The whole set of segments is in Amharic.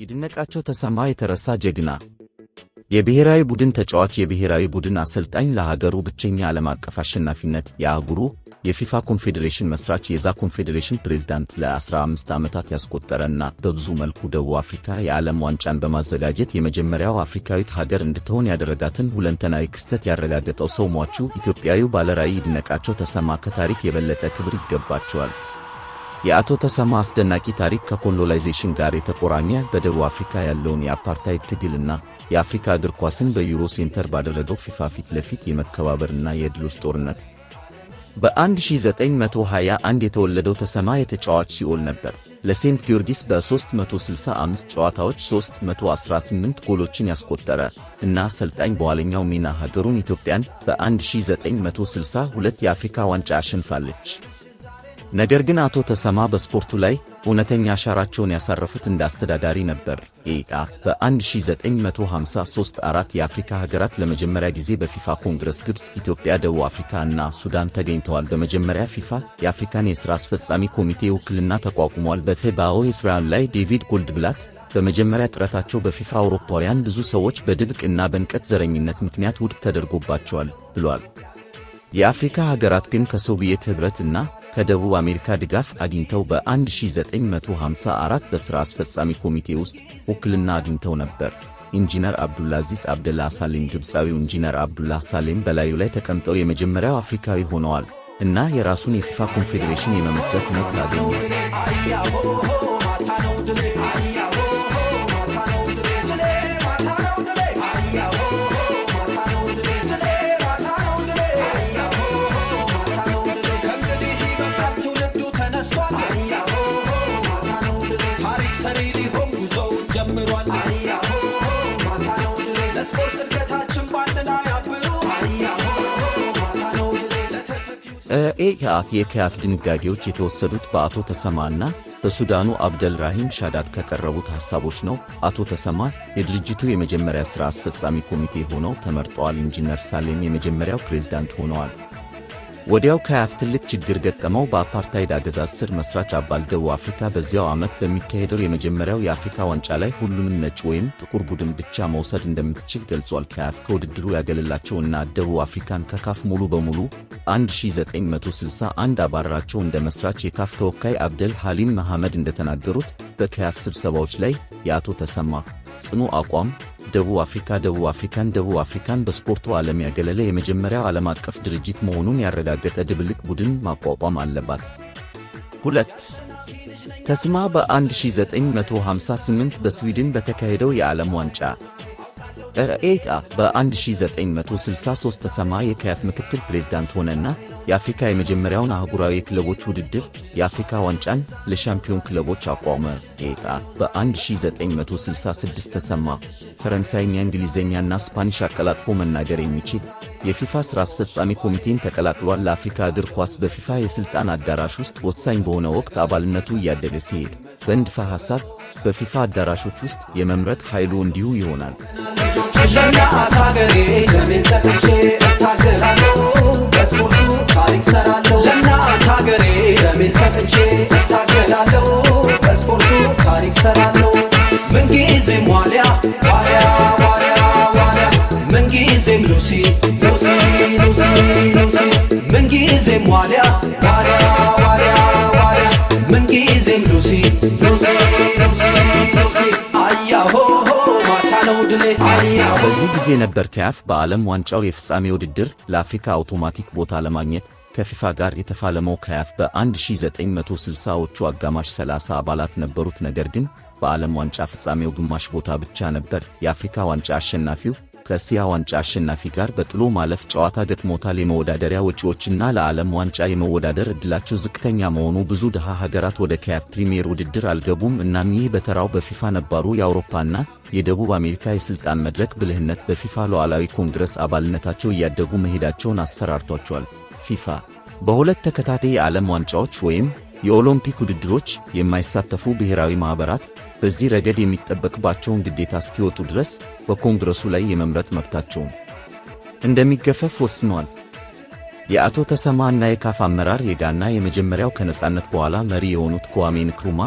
ይድነቃቸው ተሰማ የተረሳ ጀግና የብሔራዊ ቡድን ተጫዋች፣ የብሔራዊ ቡድን አሰልጣኝ፣ ለሀገሩ ብቸኛ ዓለም አቀፍ አሸናፊነት የአህጉሩ የፊፋ ኮንፌዴሬሽን መስራች፣ የዛ ኮንፌዴሬሽን ፕሬዝዳንት ለ15 ዓመታት ያስቆጠረና በብዙ መልኩ ደቡብ አፍሪካ የዓለም ዋንጫን በማዘጋጀት የመጀመሪያው አፍሪካዊት ሀገር እንድትሆን ያደረጋትን ሁለንተናዊ ክስተት ያረጋገጠው ሰው ሟቹ ኢትዮጵያዊው ባለራዕይ ይድነቃቸው ተሰማ ከታሪክ የበለጠ ክብር ይገባቸዋል። የአቶ ተሰማ አስደናቂ ታሪክ ከኮሎናይዜሽን ጋር የተቆራኘ በደቡብ አፍሪካ ያለውን የአፓርታይድ ትግልና የአፍሪካ እግር ኳስን በዩሮ ሴንተር ባደረገው ፊፋ ፊት ለፊት የመከባበርና የድሎች ጦርነት። በ1921 የተወለደው ተሰማ የተጫዋች ሲኦል ነበር። ለሴንት ጊዮርጊስ በ365 ጨዋታዎች 318 ጎሎችን ያስቆጠረ እና አሰልጣኝ በኋለኛው ሚና ሀገሩን ኢትዮጵያን በ1962 የአፍሪካ ዋንጫ አሸንፋለች። ነገር ግን አቶ ተሰማ በስፖርቱ ላይ እውነተኛ አሻራቸውን ያሳረፉት እንደ አስተዳዳሪ ነበር። ኢቃ በ1953 አራት የአፍሪካ ሀገራት ለመጀመሪያ ጊዜ በፊፋ ኮንግረስ ግብፅ፣ ኢትዮጵያ፣ ደቡብ አፍሪካ እና ሱዳን ተገኝተዋል። በመጀመሪያ ፊፋ የአፍሪካን የሥራ አስፈጻሚ ኮሚቴ ውክልና ተቋቁሟል። በፌባኦ የስራን ላይ ዴቪድ ጎልድብላት በመጀመሪያ ጥረታቸው በፊፋ አውሮፓውያን ብዙ ሰዎች በድብቅ እና በንቀት ዘረኝነት ምክንያት ውድቅ ተደርጎባቸዋል ብሏል። የአፍሪካ ሀገራት ግን ከሶቪየት ኅብረት እና ከደቡብ አሜሪካ ድጋፍ አግኝተው በ1954 በሥራ አስፈጻሚ ኮሚቴ ውስጥ ውክልና አግኝተው ነበር። ኢንጂነር አብዱልአዚዝ አብደላ ሳሌም ግብፃዊው ኢንጂነር አብዱላ ሳሌም በላዩ ላይ ተቀምጠው የመጀመሪያው አፍሪካዊ ሆነዋል እና የራሱን የፊፋ ኮንፌዴሬሽን የመመስረት መብት አገኙ። ማታ ነው ድሌ የኢአፍ የኢአፍ ድንጋጌዎች የተወሰዱት በአቶ ተሰማና በሱዳኑ አብደልራሂም ሻዳድ ከቀረቡት ሐሳቦች ነው። አቶ ተሰማ የድርጅቱ የመጀመሪያ ሥራ አስፈጻሚ ኮሚቴ ሆነው ተመርጠዋል። ኢንጂነር ሳሌም የመጀመሪያው ፕሬዝዳንት ሆነዋል። ወዲያው ከኢአፍ ትልቅ ችግር ገጠመው። በአፓርታይድ አገዛዝ ስር መሥራች አባል ደቡብ አፍሪካ በዚያው ዓመት በሚካሄደው የመጀመሪያው የአፍሪካ ዋንጫ ላይ ሁሉንም ነጭ ወይም ጥቁር ቡድን ብቻ መውሰድ እንደምትችል ገልጿል። ከያፍ ከውድድሩ ያገለላቸው እና ደቡብ አፍሪካን ከካፍ ሙሉ በሙሉ በ1961 አባራቸው እንደ መስራች የካፍ ተወካይ አብደል ሐሊም መሐመድ እንደተናገሩት በካፍ ስብሰባዎች ላይ የአቶ ተሰማ ጽኑ አቋም ደቡብ አፍሪካ ደቡብ አፍሪካን ደቡብ አፍሪካን በስፖርቱ ዓለም ያገለለ የመጀመሪያው ዓለም አቀፍ ድርጅት መሆኑን ያረጋገጠ ድብልቅ ቡድን ማቋቋም አለባት። ሁለት ተስማ በ1958 በስዊድን በተካሄደው የዓለም ዋንጫ ራኤጣ በ1963 ተሰማ የካፍ ምክትል ፕሬዝዳንት ሆነና የአፍሪካ የመጀመሪያውን አህጉራዊ ክለቦች ውድድር የአፍሪካ ዋንጫን ለሻምፒዮን ክለቦች አቋመ ኤጣ በ1966 ተሰማ ፈረንሳይኛ፣ እንግሊዝኛና ስፓኒሽ አቀላጥፎ መናገር የሚችል የፊፋ ሥራ አስፈጻሚ ኮሚቴን ተቀላቅሏል። ለአፍሪካ እግር ኳስ በፊፋ የሥልጣን አዳራሽ ውስጥ ወሳኝ በሆነ ወቅት አባልነቱ እያደገ ሲሄድ በንድፈ ሐሳብ በፊፋ አዳራሾች ውስጥ የመምረጥ ኃይሉ እንዲሁ ይሆናል። መለያት ሀገሬ ደሜን ሰጥቼ እታገላለሁ በስፖርቱ ታሪክ ሰራለሁ ለእናት ሀገሬ ደሜን ሰጥቼ እታገላለሁ በስፖርቱ ታሪክ ሰራለሁ ምንጊዜም ምንጊዜም ሉሲ ሉሲ ሉሲ ሉሲ አያሆ በዚህ ጊዜ ነበር ካፍ በዓለም ዋንጫው የፍጻሜ ውድድር ለአፍሪካ አውቶማቲክ ቦታ ለማግኘት ከፊፋ ጋር የተፋለመው ካፍ በ1960ዎቹ አጋማሽ 30 አባላት ነበሩት። ነገር ግን በዓለም ዋንጫ ፍጻሜው ግማሽ ቦታ ብቻ ነበር የአፍሪካ ዋንጫ አሸናፊው ከእስያ ዋንጫ አሸናፊ ጋር በጥሎ ማለፍ ጨዋታ ገጥሞታል። የመወዳደሪያ ወጪዎችና ለዓለም ዋንጫ የመወዳደር ዕድላቸው ዝቅተኛ መሆኑ ብዙ ድሃ ሀገራት ወደ ካፍ ፕሪሚየር ውድድር አልገቡም። እናም ይህ በተራው በፊፋ ነባሩ የአውሮፓና የደቡብ አሜሪካ የሥልጣን መድረክ ብልህነት በፊፋ ሉዓላዊ ኮንግረስ አባልነታቸው እያደጉ መሄዳቸውን አስፈራርቷቸዋል። ፊፋ በሁለት ተከታታይ የዓለም ዋንጫዎች ወይም የኦሎምፒክ ውድድሮች የማይሳተፉ ብሔራዊ ማኅበራት በዚህ ረገድ የሚጠበቅባቸውን ግዴታ እስኪወጡ ድረስ በኮንግረሱ ላይ የመምረጥ መብታቸውን እንደሚገፈፍ ወስነዋል። የአቶ ተሰማ እና የካፍ አመራር የጋና የመጀመሪያው ከነጻነት በኋላ መሪ የሆኑት ኩዋሜ ንክሩማ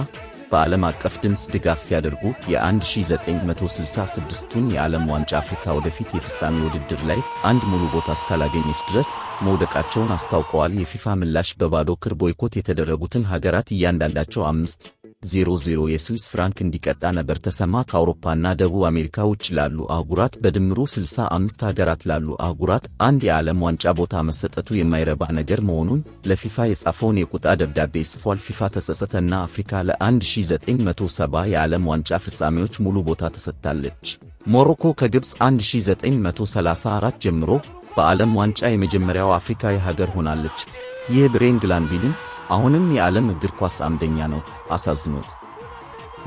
በዓለም አቀፍ ድምፅ ድጋፍ ሲያደርጉ የ1966ቱን የዓለም ዋንጫ አፍሪካ ወደፊት የፍጻሜ ውድድር ላይ አንድ ሙሉ ቦታ እስካላገኘች ድረስ መውደቃቸውን አስታውቀዋል። የፊፋ ምላሽ በባዶ ክር ቦይኮት የተደረጉትን ሀገራት እያንዳንዳቸው አምስት 00 የስዊስ ፍራንክ እንዲቀጣ ነበር ተሰማ። ከአውሮፓና ደቡብ አሜሪካ ውጭ ላሉ አህጉራት በድምሩ 65 ሀገራት ላሉ አህጉራት አንድ የዓለም ዋንጫ ቦታ መሰጠቱ የማይረባ ነገር መሆኑን ለፊፋ የጻፈውን የቁጣ ደብዳቤ ጽፏል። ፊፋ ተጸጸተና አፍሪካ ለ1970 የዓለም ዋንጫ ፍጻሜዎች ሙሉ ቦታ ተሰጥታለች። ሞሮኮ ከግብፅ 1934 ጀምሮ በዓለም ዋንጫ የመጀመሪያው አፍሪካዊ ሀገር ሆናለች። ይህ ብሬንግላንቪልን አሁንም የዓለም እግር ኳስ አምደኛ ነው። አሳዝኖት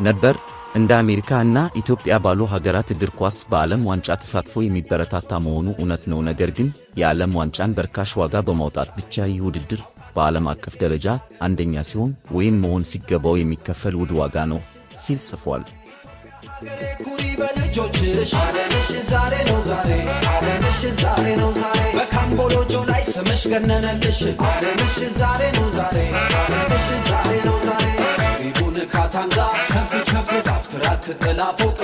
ነበር። እንደ አሜሪካ እና ኢትዮጵያ ባሉ ሀገራት እግር ኳስ በዓለም ዋንጫ ተሳትፎ የሚበረታታ መሆኑ እውነት ነው። ነገር ግን የዓለም ዋንጫን በርካሽ ዋጋ በማውጣት ብቻ ይህ ውድድር በዓለም አቀፍ ደረጃ አንደኛ ሲሆን ወይም መሆን ሲገባው የሚከፈል ውድ ዋጋ ነው ሲል ጽፏል። ዛሬ ነው ዛሬ ገነነልሽ አለንሽ ዛሬ ነው ዛሬ አለንሽ ዛሬ ነው ዛሬ ቢቡን ካታንጋ ቸብ ቸብ ዳፍትራ ክጥላ ፎቅ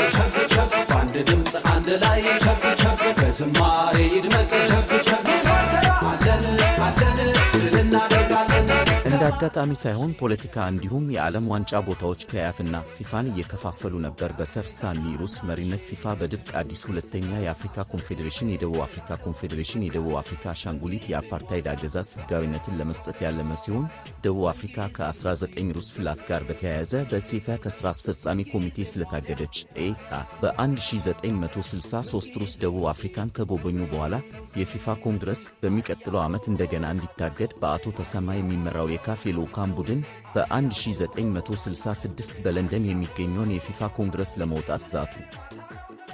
እንደ አጋጣሚ ሳይሆን ፖለቲካ እንዲሁም የዓለም ዋንጫ ቦታዎች ከያፍና ፊፋን እየከፋፈሉ ነበር። በሰር ስታንሊ ሩስ መሪነት ፊፋ በድብቅ አዲስ ሁለተኛ የአፍሪካ ኮንፌዴሬሽን የደቡብ አፍሪካ ኮንፌዴሬሽን የደቡብ አፍሪካ አሻንጉሊት የአፓርታይድ አገዛዝ ህጋዊነትን ለመስጠት ያለመ ሲሆን ደቡብ አፍሪካ ከ19 ሩስ ፍላት ጋር በተያያዘ በሴፋ ከሥራ አስፈጻሚ ኮሚቴ ስለታገደች ኤአ በ1963 ሩስ ደቡብ አፍሪካን ከጎበኙ በኋላ የፊፋ ኮንግረስ በሚቀጥለው ዓመት እንደገና እንዲታገድ በአቶ ተሰማ የሚመራው የካ የሴካፍ የልዑካን ቡድን በ1966 በለንደን የሚገኘውን የፊፋ ኮንግረስ ለመውጣት ዛቱ።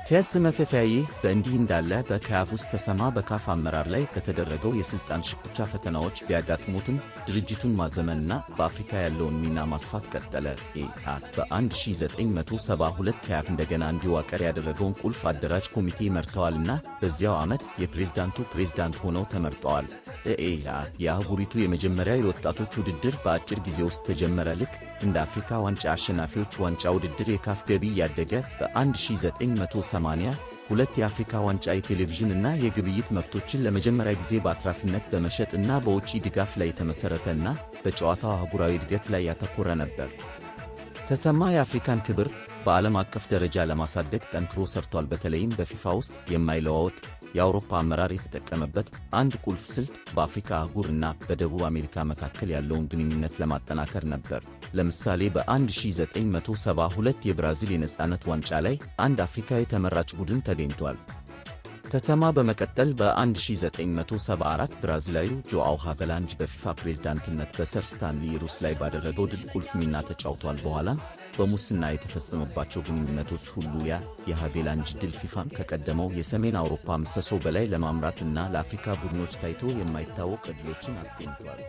ቴስ መፈፊያ ይህ በእንዲህ እንዳለ በካፍ ውስጥ ተሰማ በካፍ አመራር ላይ በተደረገው የስልጣን ሽኩቻ ፈተናዎች ቢያጋጥሙትም ድርጅቱን ማዘመንና በአፍሪካ ያለውን ሚና ማስፋት ቀጠለ። ኢአድ በ1972 ካፍ እንደገና እንዲዋቀር ያደረገውን ቁልፍ አደራጅ ኮሚቴ መርተዋልና በዚያው ዓመት የፕሬዝዳንቱ ፕሬዝዳንት ሆነው ተመርጠዋል። ኢአድ የአህጉሪቱ የመጀመሪያ የወጣቶች ውድድር በአጭር ጊዜ ውስጥ ተጀመረ። ልክ እንደ አፍሪካ ዋንጫ አሸናፊዎች ዋንጫ ውድድር የካፍ ገቢ ያደገ በ1980 ሁለት የአፍሪካ ዋንጫ የቴሌቪዥን እና የግብይት መብቶችን ለመጀመሪያ ጊዜ በአትራፊነት በመሸጥ እና በውጪ ድጋፍ ላይ የተመሠረተ እና በጨዋታው አህጉራዊ እድገት ላይ ያተኮረ ነበር። ተሰማ የአፍሪካን ክብር በዓለም አቀፍ ደረጃ ለማሳደግ ጠንክሮ ሰርቷል። በተለይም በፊፋ ውስጥ የማይለዋወጥ የአውሮፓ አመራር የተጠቀመበት አንድ ቁልፍ ስልት በአፍሪካ አህጉር እና በደቡብ አሜሪካ መካከል ያለውን ግንኙነት ለማጠናከር ነበር። ለምሳሌ በ1972 የብራዚል የነፃነት ዋንጫ ላይ አንድ አፍሪካዊ ተመራጭ ቡድን ተገኝቷል። ተሰማ በመቀጠል በ1974 ብራዚላዊው ጆአው ሃቨላንጅ በፊፋ ፕሬዝዳንትነት በሰር ስታንሊ ሩስ ላይ ባደረገው ድል ቁልፍ ሚና ተጫውቷል። በኋላ በሙስና የተፈጸመባቸው ግንኙነቶች ሁሉ ያ የሃቬላንጅ ድል ፊፋን ከቀደመው የሰሜን አውሮፓ ምሰሶ በላይ ለማምራት እና ለአፍሪካ ቡድኖች ታይቶ የማይታወቅ ዕድሎችን አስገኝቷል።